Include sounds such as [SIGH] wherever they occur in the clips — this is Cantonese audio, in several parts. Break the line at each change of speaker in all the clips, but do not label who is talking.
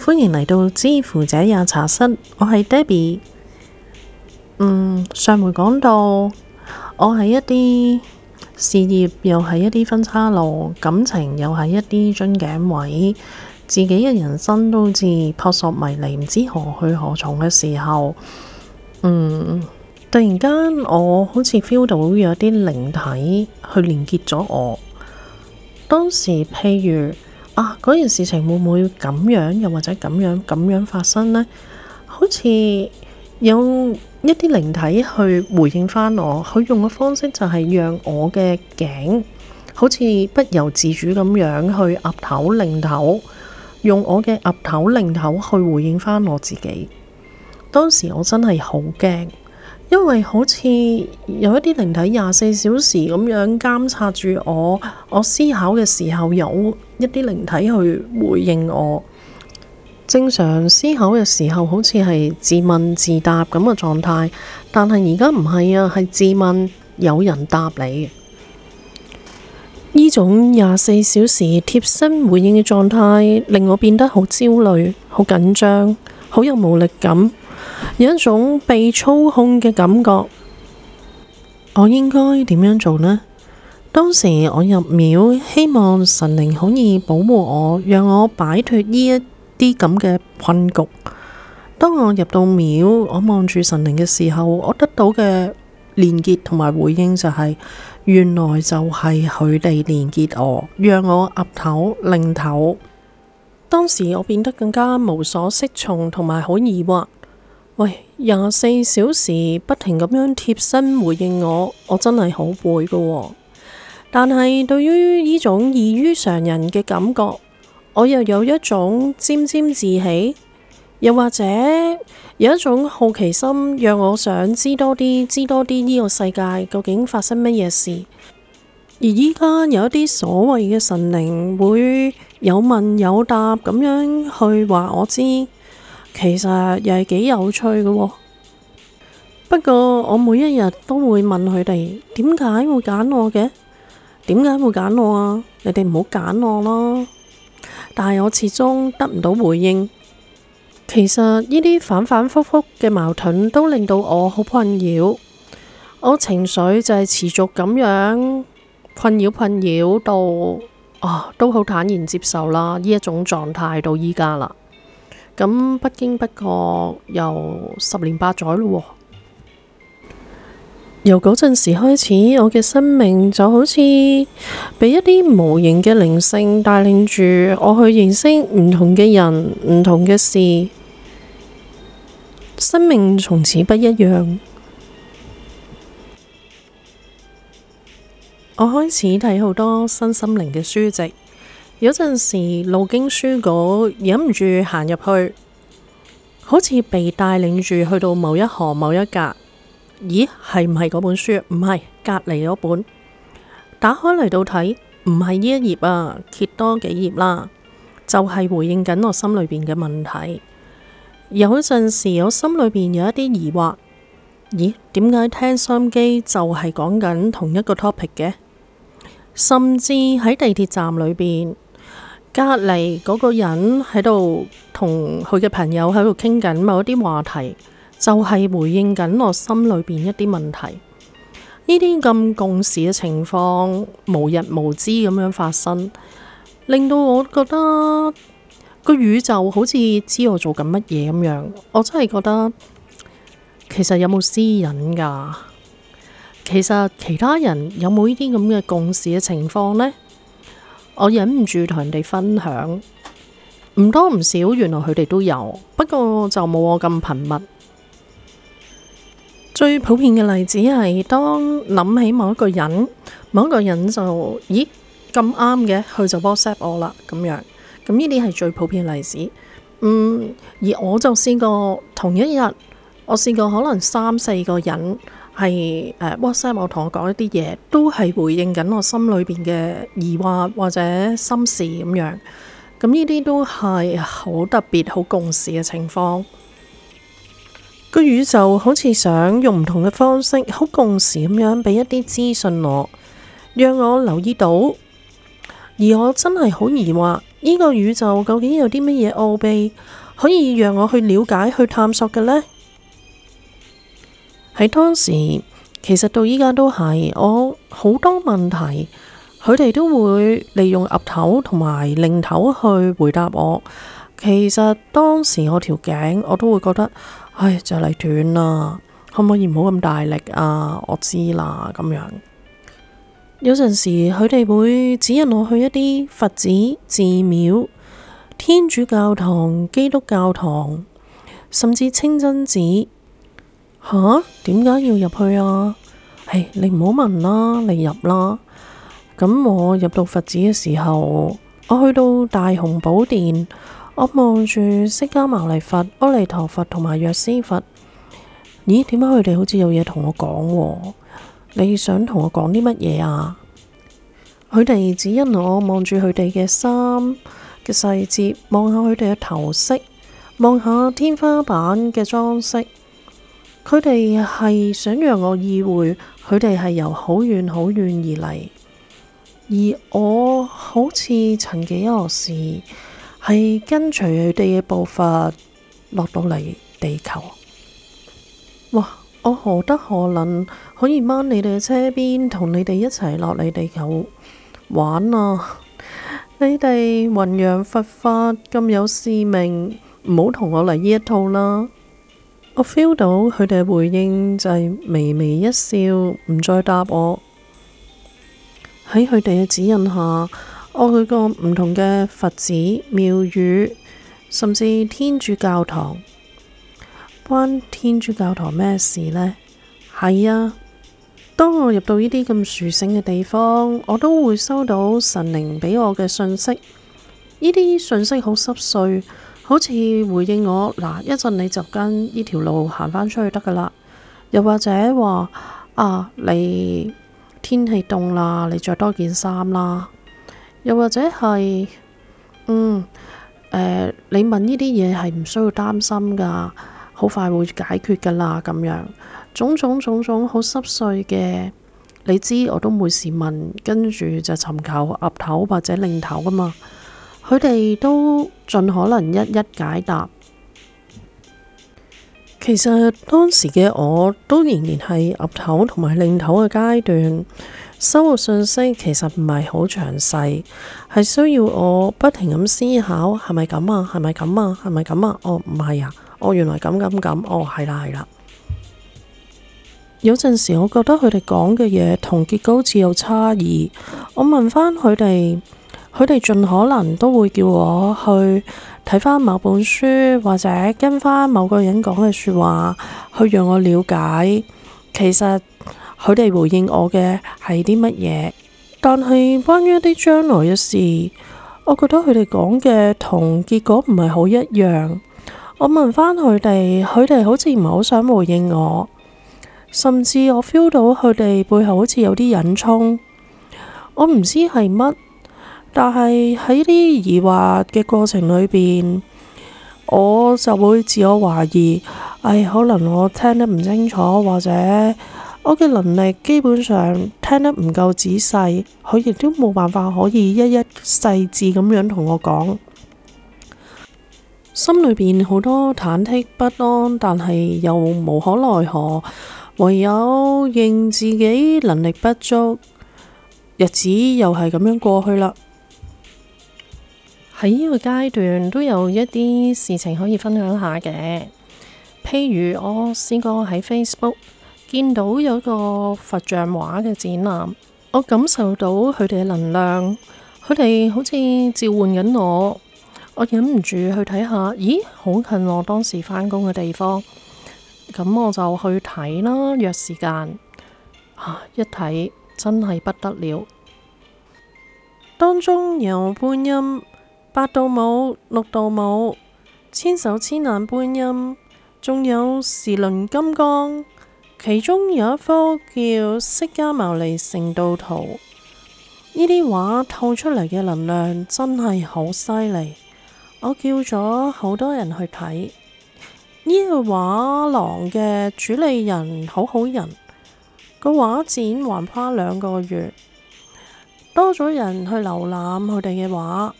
歡迎嚟到之乎者也茶室，我係 Debbie。嗯，上回講到，我係一啲事業又係一啲分岔路，感情又係一啲樽頸位，自己嘅人生都好似撲朔迷離，唔知何去何從嘅時候。嗯，突然間我好似 feel 到有啲靈體去連結咗我。當時譬如，嗰、啊、件事情會唔會咁樣，又或者咁樣咁樣發生呢？好似有一啲靈體去回應返我，佢用嘅方式就係讓我嘅頸好似不由自主咁樣去岌頭擰頭，用我嘅岌頭擰頭去回應返我自己。當時我真係好驚。因為好似有一啲靈體廿四小時咁樣監察住我，我思考嘅時候有一啲靈體去回應我。正常思考嘅時候，好似係自問自答咁嘅狀態，但係而家唔係啊，係自問有人答你。呢種廿四小時貼身回應嘅狀態，令我變得好焦慮、好緊張、好有無力感。有一種被操控嘅感覺，我應該點樣做呢？當時我入廟，希望神靈可以保護我，讓我擺脫呢一啲咁嘅困局。當我入到廟，我望住神靈嘅時候，我得到嘅連結同埋回應就係原來就係佢哋連結我，讓我岌頭擰頭。當時我變得更加無所適從，同埋好疑惑。喂，廿四小時不停咁樣貼身回應我，我真係好攰嘅。但係對於呢種異於常人嘅感覺，我又有一種沾沾自喜，又或者有一種好奇心，讓我想知多啲，知多啲呢個世界究竟發生乜嘢事。而依家有一啲所謂嘅神靈，會有問有答咁樣去話我知。其實又係幾有趣嘅。哦，不過我每一日都會問佢哋點解會揀我嘅？點解會揀我啊？你哋唔好揀我啦！但係我始終得唔到回應。其實呢啲反反复覆嘅矛盾都令到我好困擾，我情緒就係持續咁樣困擾，困擾到啊，都好坦然接受啦，呢一種狀態到依家啦。咁不經不覺又十年八載咯，由嗰陣時開始，我嘅生命就好似俾一啲無形嘅靈性帶領住，我去認識唔同嘅人、唔同嘅事，生命從此不一樣。 [MUSIC] 我開始睇好多新心靈嘅書籍。有陣時路經書局忍唔住行入去，好似被帶領住去到某一行某一格。咦，係唔係嗰本書？唔係隔離嗰本。打開嚟到睇，唔係呢一頁啊，揭多幾頁啦，就係、是、回應緊我心裏邊嘅問題。有陣時我心裏邊有一啲疑惑。咦，點解聽收音機就係講緊同一個 topic 嘅？甚至喺地鐵站裏邊。隔籬嗰個人喺度同佢嘅朋友喺度傾緊某一啲話題，就係、是、回應緊我心裏邊一啲問題。呢啲咁共事嘅情況無日無之咁樣發生，令到我覺得個宇宙好似知我做緊乜嘢咁樣。我真係覺得，其實有冇私隱噶？其實其他人有冇呢啲咁嘅共事嘅情況呢？我忍唔住同人哋分享，唔多唔少，原來佢哋都有，不過就冇我咁頻密。 [MUSIC] 最普遍嘅例子係當諗起某一個人，某一個人就，咦咁啱嘅，佢就 WhatsApp 我啦，咁樣。咁呢啲係最普遍嘅例子。嗯，而我就試過同一日，我試過可能三四個人。係 WhatsApp，我同我講一啲嘢，都係回應緊我心裏邊嘅疑惑或者心事咁樣。咁呢啲都係好特別、好共時嘅情況。 [MUSIC] 個宇宙好似想用唔同嘅方式，好共時咁樣俾一啲資訊我，讓我留意到。而我真係好疑惑，呢個宇宙究竟有啲乜嘢奧秘，可以讓我去了解、去探索嘅呢？喺當時，其實到依家都係我好多問題，佢哋都會利用岌頭同埋擰頭去回答我。其實當時我條頸，我都會覺得，唉，就嚟斷啦，可唔可以唔好咁大力啊？我知啦，咁樣。有陣時佢哋會指引我去一啲佛寺、寺廟、天主教堂、基督教堂，甚至清真寺。吓？點解要入去啊？誒，你唔好問啦，你入啦。咁我入到佛寺嘅時候，我去到大雄寶殿，我望住釋迦牟尼佛、阿彌陀佛同埋藥師佛。咦？點解佢哋好似有嘢同我講？你想同我講啲乜嘢啊？佢哋指引我望住佢哋嘅衫嘅細節，望下佢哋嘅頭飾，望下天花板嘅裝飾。佢哋係想讓我意會，佢哋係由好遠好遠而嚟，而我好似曾幾何時係跟隨佢哋嘅步伐落到嚟地球。哇！我何德何能可以掹你哋嘅車邊，同你哋一齊落嚟地球玩啊？你哋弘揚佛法咁有使命，唔好同我嚟呢一套啦～我 feel 到佢哋嘅回應就係微微一笑，唔再答我。喺佢哋嘅指引下，我去過唔同嘅佛寺、廟宇，甚至天主教堂。關天主教堂咩事呢？係啊，當我入到呢啲咁殊勝嘅地方，我都會收到神靈俾我嘅信息。呢啲信息好濕碎。好似回應我嗱，一陣你就跟呢條路行返出去得噶啦。又或者話啊，你天氣凍啦，你着多件衫啦。又或者係嗯、呃、你問呢啲嘢係唔需要擔心㗎，好快會解決㗎啦咁樣。種種種種好濕碎嘅，你知我都每事問，跟住就尋求岌頭或者擰頭㗎嘛。佢哋都盡可能一一解答。其實當時嘅我都仍然係岌頭同埋擰頭嘅階段，生活信息其實唔係好詳細，係需要我不停咁思考，係咪咁啊？係咪咁啊？係咪咁啊？哦，唔係啊！哦，原來咁咁咁，哦，係啦係啦。有陣時我覺得佢哋講嘅嘢同結構字有差異，我問翻佢哋。佢哋盡可能都會叫我去睇翻某本書，或者跟翻某個人講嘅說話，去讓我了解其實佢哋回應我嘅係啲乜嘢。但係關於一啲將來嘅事，我覺得佢哋講嘅同結果唔係好一樣。我問翻佢哋，佢哋好似唔係好想回應我，甚至我 feel 到佢哋背後好似有啲隱衷，我唔知係乜。但係喺啲疑惑嘅過程裏邊，我就會自我懷疑，唉，可能我聽得唔清楚，或者我嘅能力基本上聽得唔夠仔細，佢亦都冇辦法可以一一細緻咁樣同我講，心裏邊好多忐忑不安，但係又無可奈何，唯有認自己能力不足，日子又係咁樣過去啦。喺呢個階段都有一啲事情可以分享下嘅，譬如我先個喺 Facebook 見到有個佛像畫嘅展覽，我感受到佢哋嘅能量，佢哋好似召喚緊我，我忍唔住去睇下。咦，好近我當時返工嘅地方，咁我就去睇啦，約時間。啊，一睇真係不得了，當中有觀音。八度母、六度母、千手千眼觀音，仲有時輪金剛。其中有一幅叫《釋迦牟尼成道圖》，呢啲畫透出嚟嘅能量真係好犀利。我叫咗好多人去睇呢個畫廊嘅主理人，好好人個畫展，還花兩個月，多咗人去瀏覽佢哋嘅畫。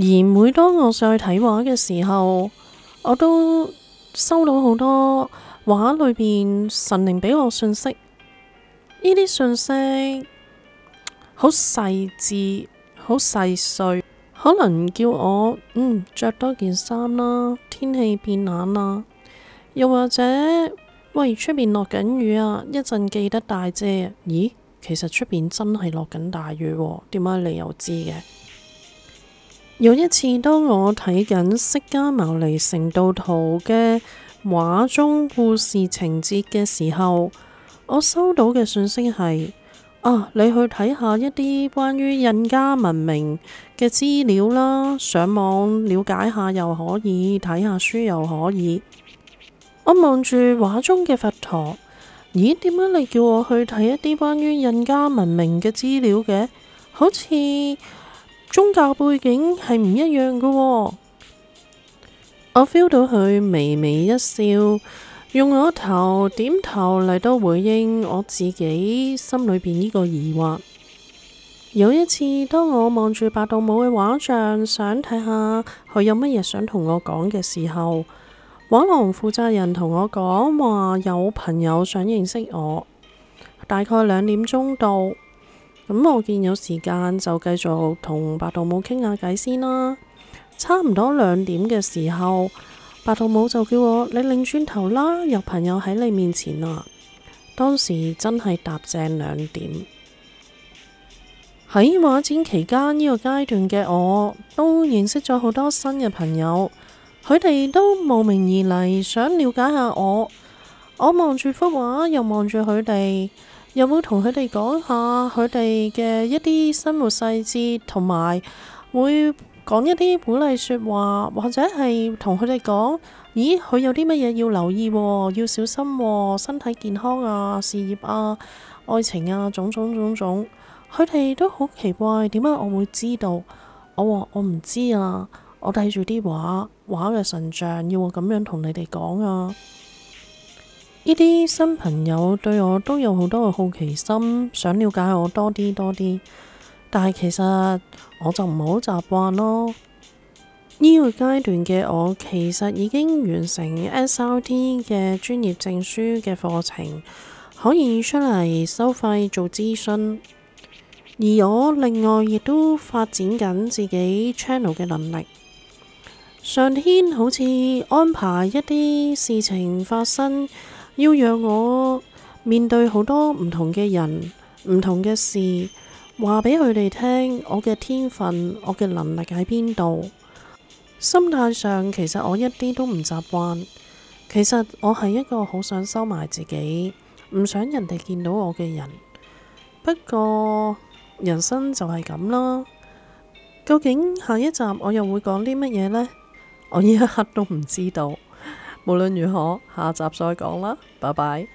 而每當我上去睇畫嘅時候，我都收到好多畫裏邊神靈俾我信息。呢啲信息好細緻，好細碎，可能叫我嗯著多件衫啦，天氣變冷啦，又或者喂，出邊落緊雨啊，一陣記得帶遮。咦，其實出邊真係落緊大雨喎啊，點解你又知嘅？有一次，當我睇緊釋迦牟尼成道圖嘅畫中故事情節嘅時候，我收到嘅信息係：啊，你去睇下一啲關於印加文明嘅資料啦，上網了解下又可以，睇下書又可以。我望住畫中嘅佛陀，咦？點解你叫我去睇一啲關於印加文明嘅資料嘅？好似。宗教背景係唔一樣嘅、哦，我 feel 到佢微微一笑，用我頭點頭嚟到回應我自己心裏邊呢個疑惑。有一次，當我望住白度母嘅畫像，想睇下佢有乜嘢想同我講嘅時候，畫廊負責人同我講話有朋友想認識我，大概兩點鐘到。咁我見有時間就繼續同白度母傾下偈先啦。差唔多兩點嘅時候，白度母就叫我你擰轉，轉頭啦，有朋友喺你面前啊。當時真係踏正兩點。喺畫展期間呢個階段嘅我都認識咗好多新嘅朋友，佢哋都慕名而嚟，想了解下我。我望住幅畫，又望住佢哋。有冇同佢哋講下佢哋嘅一啲生活細節，同埋會講一啲鼓勵説話，或者係同佢哋講：咦，佢有啲乜嘢要留意，要小心，身體健康啊，事業啊，愛情啊，種種種種。佢哋都好奇怪，點解我會知道？我話我唔知啊，我睇住啲畫畫嘅神像，要我咁樣同你哋講啊。呢啲新朋友對我都有好多嘅好奇心，想了解我多啲多啲。但係其實我就唔係好習慣咯。呢、這個階段嘅我其實已經完成 SRT 嘅專業證書嘅課程，可以出嚟收費做諮詢。而我另外亦都發展緊自己 channel 嘅能力。上天好似安排一啲事情發生。要讓我面對好多唔同嘅人、唔同嘅事，話俾佢哋聽我嘅天分、我嘅能力喺邊度。心態上其實我一啲都唔習慣。其實我係一個好想收埋自己，唔想人哋見到我嘅人。不過人生就係咁啦。究竟下一集我又會講啲乜嘢呢？我一刻都唔知道。無論如何，下集再講啦，拜拜。